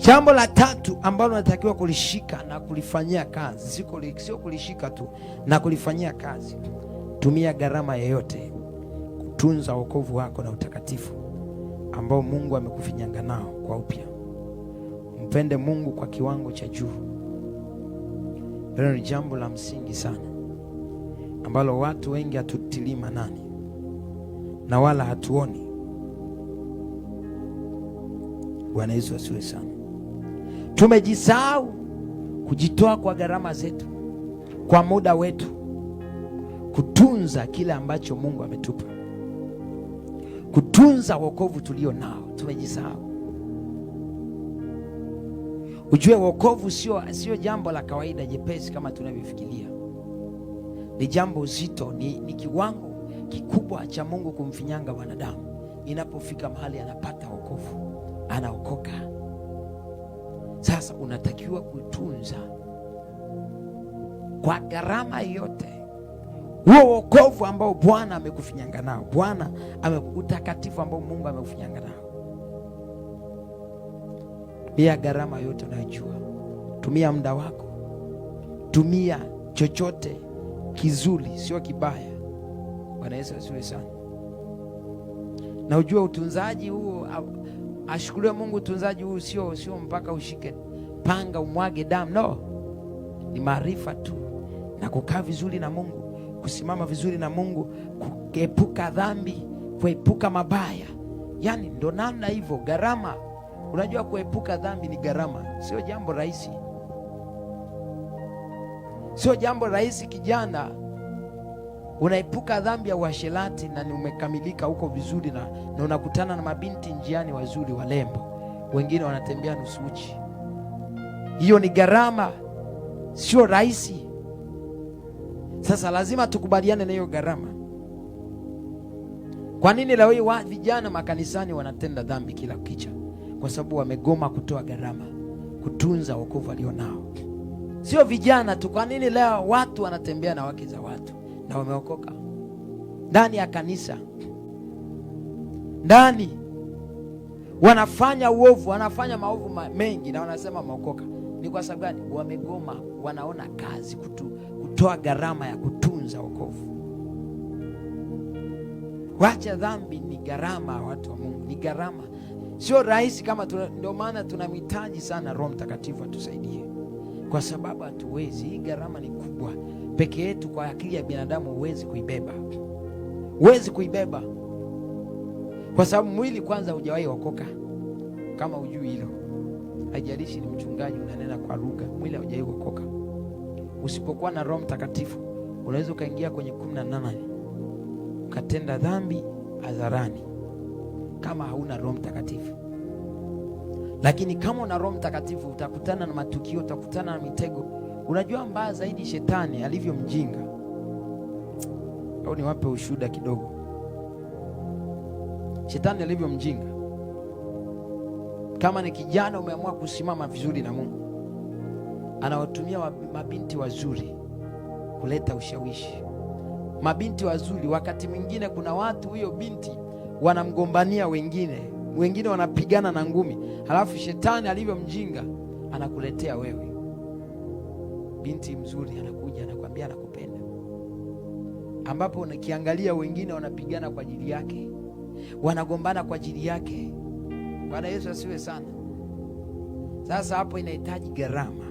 Jambo la tatu ambalo natakiwa kulishika na kulifanyia kazi, sio kulishika tu na kulifanyia kazi, tumia gharama yoyote kutunza wokovu wako na utakatifu ambao Mungu amekufinyanga nao kwa upya. Mpende Mungu kwa kiwango cha juu. Hilo ni jambo la msingi sana ambalo watu wengi hatutilii maanani na wala hatuoni. Bwana Yesu asiwe sana. Tumejisahau kujitoa kwa gharama zetu, kwa muda wetu, kutunza kile ambacho Mungu ametupa, kutunza wokovu tulio nao. Tumejisahau. Ujue wokovu sio sio jambo la kawaida jepesi kama tunavyofikiria. Ni jambo zito, ni, ni kiwango kikubwa cha Mungu kumfinyanga wanadamu. Inapofika mahali anapata wokovu, anaokoka sasa unatakiwa kutunza kwa gharama yote huo wokovu ambao Bwana amekufinyanga nao, Bwana utakatifu ambao Mungu amekufinyanga nao. Tumia gharama yote unayojua, tumia muda wako, tumia chochote kizuri, sio kibaya. Bwana Yesu asiwe sana na ujua utunzaji huo Ashukuriwe Mungu, utunzaji huu sio sio mpaka ushike panga umwage damu, no, ni maarifa tu na kukaa vizuri na Mungu, kusimama vizuri na Mungu, kuepuka dhambi, kuepuka mabaya. Yani ndo namna hivyo, gharama. Unajua, kuepuka dhambi ni gharama, sio jambo rahisi, sio jambo rahisi kijana unaepuka dhambi ya uasherati na umekamilika huko vizuri, na, na unakutana na mabinti njiani wazuri walembo, wengine wanatembea nusu uchi. Hiyo ni gharama, sio rahisi. Sasa lazima tukubaliane na hiyo gharama. Kwa nini leo hii vijana makanisani wanatenda dhambi kila kicha Kwa sababu wamegoma kutoa gharama kutunza wokovu walionao Sio vijana tu. Kwa nini leo watu wanatembea na wake za watu? na wameokoka ndani ya kanisa, ndani wanafanya uovu, wanafanya maovu mengi na wanasema wameokoka. Ni kwa sababu gani? Wamegoma, wanaona kazi kutu, kutoa gharama ya kutunza wokovu. Wacha dhambi ni gharama, watu wa Mungu, ni gharama, sio rahisi kama. Ndio maana tunamhitaji sana Roho Mtakatifu atusaidie, kwa sababu hatuwezi. Hii gharama ni kubwa peke yetu kwa akili ya binadamu huwezi kuibeba, huwezi kuibeba kwa sababu mwili kwanza hujawahi okoka. Kama ujui hilo, haijalishi ni mchungaji unanena kwa lugha, mwili haujawahi okoka. Usipokuwa na Roho Mtakatifu unaweza ukaingia kwenye kumi na nane ukatenda dhambi hadharani kama hauna Roho Mtakatifu. Lakini kama una Roho Mtakatifu utakutana na matukio, utakutana na mitego Unajua mbaya zaidi shetani alivyo mjinga, au niwape ushuhuda kidogo? Shetani alivyo mjinga, kama ni kijana umeamua kusimama vizuri na Mungu, anawatumia mabinti wazuri kuleta ushawishi, mabinti wazuri. Wakati mwingine kuna watu, huyo binti wanamgombania wengine, wengine wanapigana na ngumi, halafu shetani alivyo mjinga anakuletea wewe binti mzuri anakuja anakwambia anakupenda, ambapo nikiangalia wengine wanapigana kwa ajili yake, wanagombana kwa ajili yake. Bwana Yesu asiwe sana. Sasa hapo inahitaji gharama.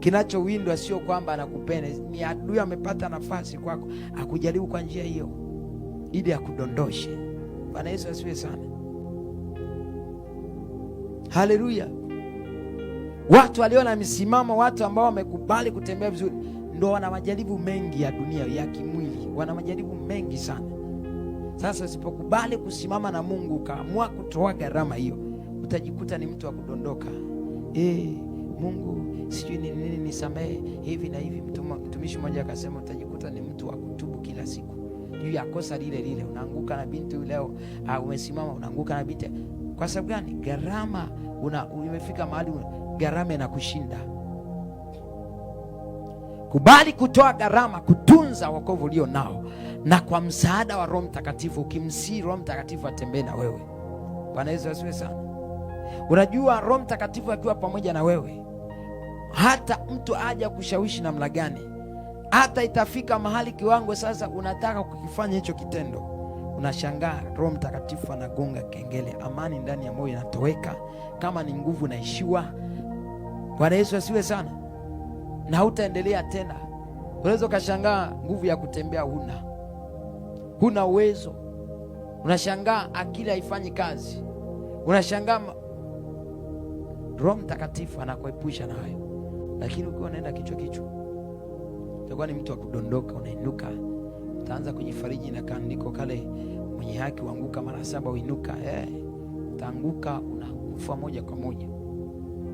Kinachowindwa sio kwamba anakupenda, ni adui amepata nafasi kwako, akujaribu kwa njia hiyo ili akudondoshe. Bwana Yesu asiwe sana. Haleluya. Watu walio na misimamo, watu ambao wamekubali kutembea vizuri, ndo wana majaribu mengi ya dunia ya kimwili, wana majaribu mengi sana. Sasa usipokubali kusimama na Mungu ukaamua kutoa gharama hiyo, utajikuta ni mtu wa kudondoka. E, Mungu sijui ni nini, nisamehe hivi na hivi. Mtumishi mmoja akasema, utajikuta ni mtu wa kutubu kila siku juu ya kosa lile lile, unaanguka na binti leo, uh, umesimama unaanguka na binti kwa sababu gani? Gharama imefika mahali gharama inakushinda. Kubali kutoa gharama kutunza wokovu ulio nao, na kwa msaada wa Roho Mtakatifu, ukimsii Roho Mtakatifu atembee na wewe. Bwana Yesu asiwe sana. Unajua, Roho Mtakatifu akiwa pamoja na wewe, hata mtu aja kushawishi namna gani, hata itafika mahali kiwango sasa unataka kukifanya hicho kitendo Unashangaa Roho Mtakatifu anagonga kengele, amani ndani ya moyo inatoweka, kama ni nguvu naishiwa. Bwana Yesu asiwe sana, na hutaendelea tena. Unaweza ukashangaa nguvu ya kutembea huna, huna uwezo. Unashangaa akili haifanyi kazi, unashangaa. Roho Mtakatifu anakuepusha nayo, lakini ukiwa unaenda kichwa kichwa, utakuwa ni mtu wa kudondoka, unainuka Utaanza kujifariji na kaandiko kale, mwenye haki huanguka mara saba huinuka. Eh, utaanguka unakufa moja kwa moja,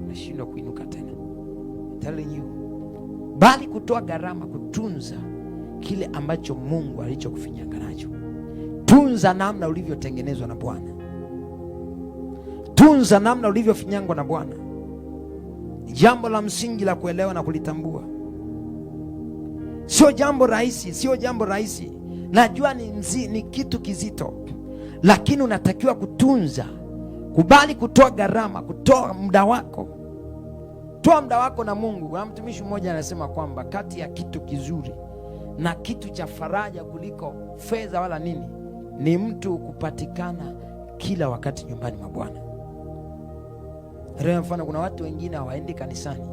unashindwa kuinuka tena. Telling you, bali kutoa gharama, kutunza kile ambacho Mungu alichokufinyanga nacho. Tunza namna ulivyotengenezwa na Bwana. Tunza namna ulivyofinyangwa na Bwana. Jambo la msingi la kuelewa na kulitambua Sio jambo rahisi, sio jambo rahisi. Najua ni, mzi, ni kitu kizito, lakini unatakiwa kutunza. Kubali kutoa gharama, kutoa muda wako, toa muda wako na Mungu. Na mtumishi mmoja anasema kwamba kati ya kitu kizuri na kitu cha faraja kuliko fedha wala nini ni mtu kupatikana kila wakati nyumbani mwa Bwana. Leo mfano, kuna watu wengine hawaendi kanisani,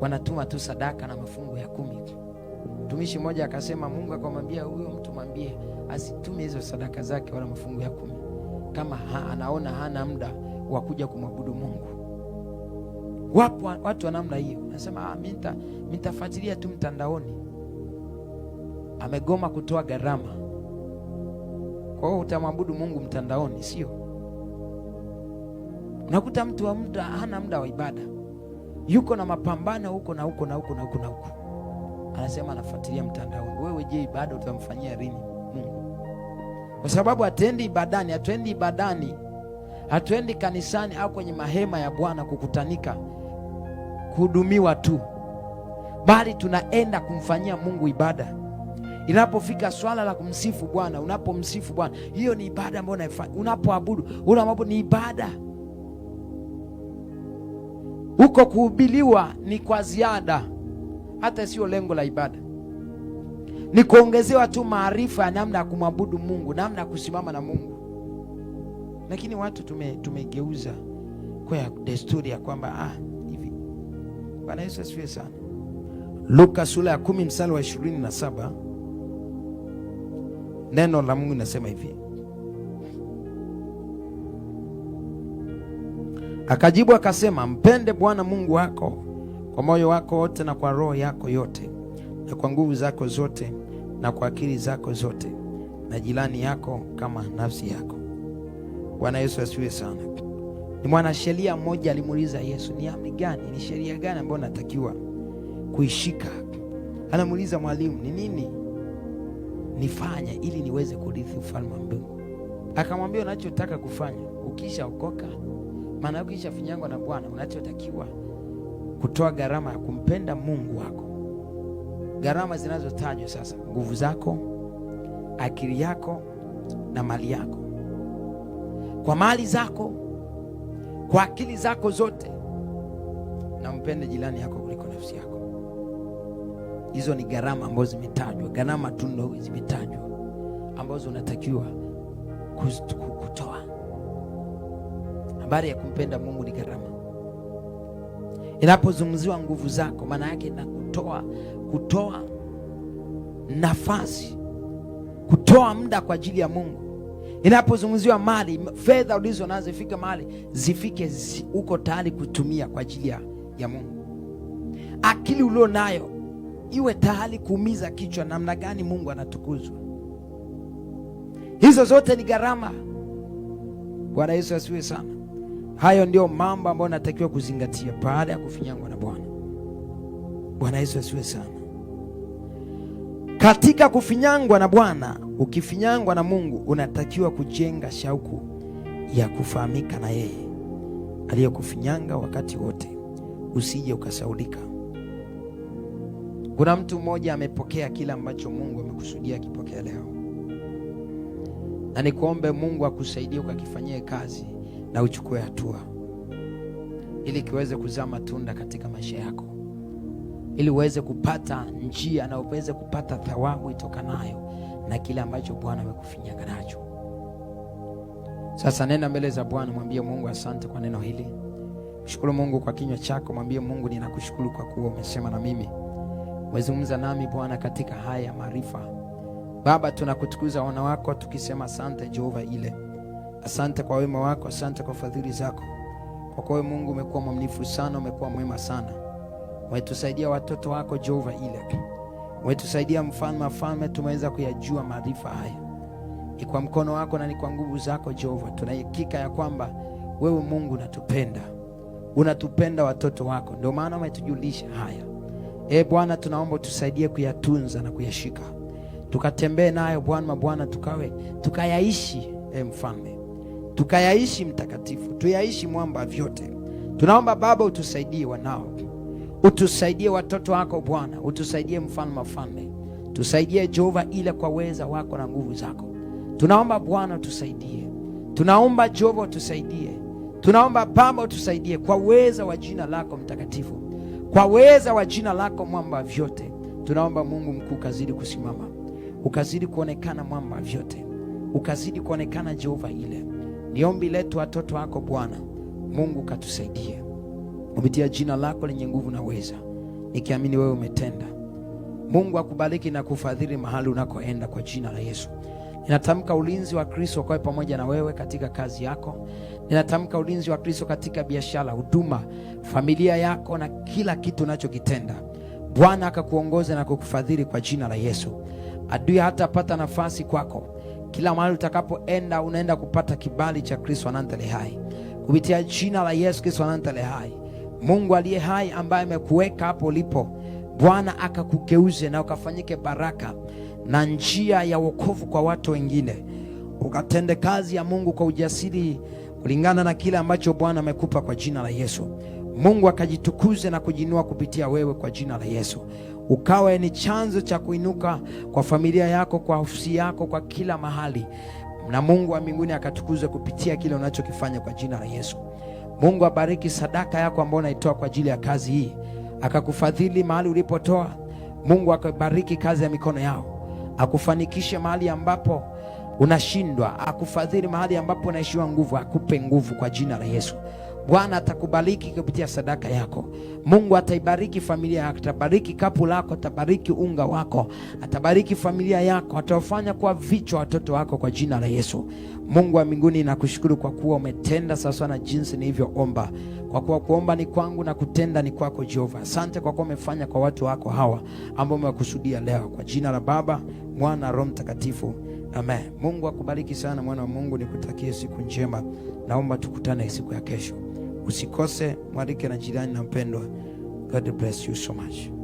wanatuma tu sadaka na mafungu ya kumi. Mtumishi mmoja akasema, Mungu akamwambia huyo mtu mwambie asitume hizo sadaka zake wala mafungu ya kumi kama ha, anaona hana muda wa kuja kumwabudu Mungu. Wapo watu wa namna hiyo, nasema ah, nitafuatilia tu mtandaoni. Amegoma kutoa gharama. Kwa hiyo utamwabudu Mungu mtandaoni, sio? Unakuta mtu wa muda hana muda wa ibada, yuko na mapambano huko na huko na huko na huko na huko anasema anafuatilia mtandaoni. Wewe je, ibada utamfanyia lini Mungu? Hmm. Kwa sababu hatuendi ibadani, hatuendi ibadani, hatuendi kanisani au kwenye mahema ya Bwana kukutanika kuhudumiwa tu, bali tunaenda kumfanyia Mungu ibada. Inapofika swala la kumsifu Bwana, unapomsifu Bwana, hiyo ni ibada ambayo unaifanya. Unapoabudu ule mambo ni ibada. Huko kuhubiliwa ni kwa ziada hata sio lengo la ibada, ni kuongezewa tu maarifa ya namna ya kumwabudu Mungu, namna ya kusimama na Mungu. Lakini watu tume, tumegeuza kwa desturi ya kwamba ah, hivi. Bwana Yesu asifiwe sana. Luka sura ya kumi mstari wa ishirini na saba neno la Mungu linasema hivi: akajibu akasema, mpende Bwana Mungu wako kwa moyo wako wote na kwa roho yako yote na kwa nguvu zako zote na kwa akili zako zote na jirani yako kama nafsi yako. Bwana Yesu asiwe sana. Ni mwanasheria mmoja alimuuliza Yesu, ni amri gani, ni sheria gani ambayo natakiwa kuishika? Anamuuliza mwalimu, ni nini nifanye ili niweze kurithi ufalme wa mbingu? Akamwambia, unachotaka kufanya ukishaokoka, maana ukishafinyangwa na Bwana, unachotakiwa kutoa gharama ya kumpenda Mungu wako. Gharama zinazotajwa sasa, nguvu zako, akili yako na mali yako. Kwa mali zako, kwa akili zako zote, na mpende jirani yako kuliko nafsi yako. Hizo ni gharama ambazo zimetajwa, gharama tu ndo zimetajwa ambazo unatakiwa kutoa. Habari ya kumpenda Mungu ni gharama. Inapozungumziwa nguvu zako, maana yake na kutoa, kutoa nafasi, kutoa muda kwa ajili ya Mungu. Inapozungumziwa mali, fedha ulizo nazo zifike mali zifike, uko tayari kutumia kwa ajili ya Mungu. Akili ulio nayo iwe tayari kuumiza kichwa namna gani Mungu anatukuzwa. Hizo zote ni gharama. Bwana Yesu asiwe sana. Hayo ndio mambo ambayo natakiwa kuzingatia baada ya kufinyangwa na Bwana. Bwana Yesu asiwe sana katika kufinyangwa na Bwana. Ukifinyangwa na Mungu, unatakiwa kujenga shauku ya kufahamika na yeye aliyekufinyanga wakati wote, usije ukasaulika. Kuna mtu mmoja amepokea kila ambacho Mungu amekusudia akipokea leo, na nikuombe Mungu akusaidie ukakifanyie kazi na uchukue hatua ili kiweze kuzaa matunda katika maisha yako, ili uweze kupata njia na uweze kupata thawabu itokanayo na kile ambacho Bwana amekufinyaga nacho. Sasa nenda mbele za Bwana, mwambie Mungu asante kwa neno hili. Mshukuru Mungu kwa kinywa chako, mwambie Mungu, ninakushukuru kwa kuwa umesema na mimi, umezungumza nami Bwana katika haya maarifa. Baba, tunakutukuza wana wako tukisema asante Jehova ile Asante kwa wema wako, asante kwa fadhili zako. Kwa kuwa Mungu umekuwa mwaminifu sana, umekuwa mwema sana. Umetusaidia watoto wako Jehova ile. Umetusaidia mfalme wa falme, tumeweza kuyajua maarifa haya. Ni kwa mkono wako na ni kwa nguvu zako Jehova, tunahakika ya kwamba wewe Mungu unatupenda, unatupenda watoto wako, ndio maana umetujulisha haya. E Bwana, tunaomba utusaidie kuyatunza na kuyashika, tukatembee nayo Bwana mabwana, tukawe tukayaishi e Mfalme tukayaishi mtakatifu, tuyaishi mwamba vyote. Tunaomba Baba utusaidie wanao, utusaidie watoto wako Bwana, utusaidie mfano wafalme, tusaidie Jehova, ile kwa uweza wako na nguvu zako. Tunaomba Bwana utusaidie, tunaomba Jehova utusaidie, tunaomba Baba utusaidie kwa uweza wa jina lako mtakatifu, kwa uweza wa jina lako mwamba vyote. Tunaomba Mungu mkuu, ukazidi kusimama, ukazidi kuonekana mwamba vyote, ukazidi kuonekana Jehova ile ni ombi letu watoto wako Bwana Mungu, katusaidie kupitia jina lako lenye nguvu na uweza, nikiamini wewe umetenda. Mungu akubariki na kufadhili mahali unakoenda kwa jina la Yesu. Ninatamka ulinzi wa Kristo ukawe pamoja na wewe katika kazi yako. Ninatamka ulinzi wa Kristo katika biashara, huduma, familia yako na kila kitu unachokitenda. Bwana akakuongoza na kukufadhili kwa jina la Yesu. Adui hatapata nafasi kwako. Kila mahali utakapoenda unaenda kupata kibali cha Kristo anantale hai kupitia jina la Yesu Kristo anantale hai. Mungu aliye hai ambaye amekuweka hapo ulipo, Bwana akakugeuze na ukafanyike baraka na njia ya wokovu kwa watu wengine, ukatende kazi ya Mungu kwa ujasiri kulingana na kile ambacho Bwana amekupa kwa jina la Yesu. Mungu akajitukuze na kujinua kupitia wewe kwa jina la Yesu ukawe ni chanzo cha kuinuka kwa familia yako, kwa ofisi yako, kwa kila mahali, na Mungu wa mbinguni akatukuzwe kupitia kile unachokifanya kwa jina la Yesu. Mungu abariki sadaka yako ambayo unaitoa kwa ajili ya kazi hii, akakufadhili mahali ulipotoa. Mungu akabariki kazi ya mikono yao, akufanikishe mahali ambapo unashindwa, akufadhili mahali ambapo unaishiwa nguvu, akupe nguvu kwa jina la Yesu. Bwana atakubariki kupitia sadaka yako. Mungu ataibariki familia yako, atabariki kapu lako, atabariki unga wako, atabariki familia yako, atawafanya kuwa vichwa watoto wako kwa jina la Yesu. Mungu wa mbinguni, nakushukuru kwa kuwa umetenda sawasawa na jinsi nilivyoomba, kwa kuwa kuomba ni kwangu na kutenda ni kwako Jehova. Asante kwa kuwa umefanya kwa watu wako hawa ambao umewakusudia leo, kwa jina la Baba, Mwana na Roho Mtakatifu, amen. Mungu akubariki sana, mwana wa Mungu, nikutakie siku njema. Naomba tukutane siku ya kesho, usikose. Mwarike na jirani na mpendwa. God bless you so much.